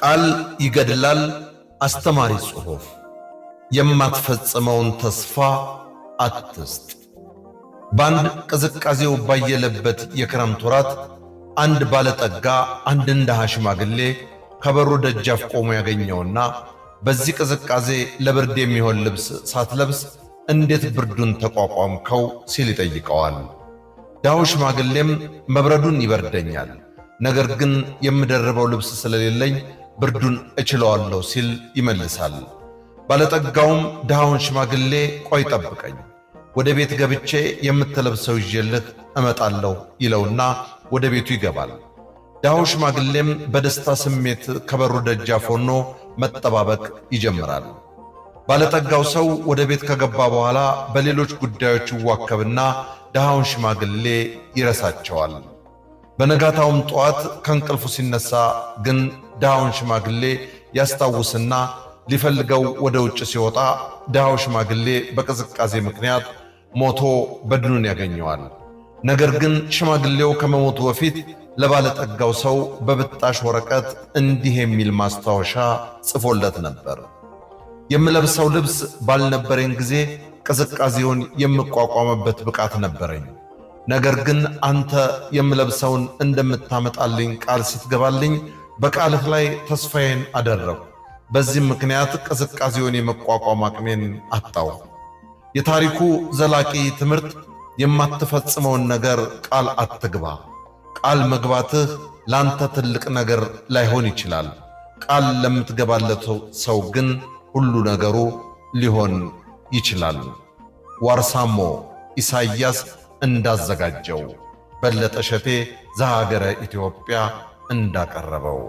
ቃል ይገድላል አስተማሪ ጽሑፍ የማትፈጽመውን ተስፋ አትስጥ። በአንድ ቅዝቃዜው ባየለበት የክረምት ወራት አንድ ባለጠጋ አንድን ድሃ ሽማግሌ ከበሩ ደጃፍ ቆሞ ያገኘውና በዚህ ቅዝቃዜ ለብርድ የሚሆን ልብስ ሳትለብስ እንዴት ብርዱን ተቋቋምከው ሲል ይጠይቀዋል። ድሃው ሽማግሌም መብረዱን ይበርደኛል፣ ነገር ግን የምደርበው ልብስ ስለሌለኝ ብርዱን እችለዋለሁ ሲል ይመልሳል። ባለጠጋውም ድሃውን ሽማግሌ ቆይ ጠብቀኝ፣ ወደ ቤት ገብቼ የምትለብሰው ይዤልህ እመጣለሁ ይለውና ወደ ቤቱ ይገባል። ድሃው ሽማግሌም በደስታ ስሜት ከበሩ ደጃፍ ሆኖ መጠባበቅ ይጀምራል። ባለጠጋው ሰው ወደ ቤት ከገባ በኋላ በሌሎች ጉዳዮች ይዋከብና ድሃውን ሽማግሌ ይረሳቸዋል። በነጋታውም ጠዋት ከእንቅልፉ ሲነሳ ግን ድሃውን ሽማግሌ ያስታውስና ሊፈልገው ወደ ውጭ ሲወጣ ድሃው ሽማግሌ በቅዝቃዜ ምክንያት ሞቶ በድኑን ያገኘዋል። ነገር ግን ሽማግሌው ከመሞቱ በፊት ለባለጠጋው ሰው በብጣሽ ወረቀት እንዲህ የሚል ማስታወሻ ጽፎለት ነበር። የምለብሰው ልብስ ባልነበረኝ ጊዜ ቅዝቃዜውን የምቋቋመበት ብቃት ነበረኝ። ነገር ግን አንተ የምለብሰውን እንደምታመጣልኝ ቃል ስትገባልኝ በቃልህ ላይ ተስፋዬን አደረው። በዚህም ምክንያት ቅዝቃዜውን የመቋቋም አቅሜን አጣው። የታሪኩ ዘላቂ ትምህርት የማትፈጽመውን ነገር ቃል አትግባ። ቃል መግባትህ ላንተ ትልቅ ነገር ላይሆን ይችላል። ቃል ለምትገባለት ሰው ግን ሁሉ ነገሩ ሊሆን ይችላል። ዋርሳሞ ኢሳይያስ እንዳዘጋጀው በለጠ ሸቴ ዘሀገረ ኢትዮጵያ እንዳቀረበው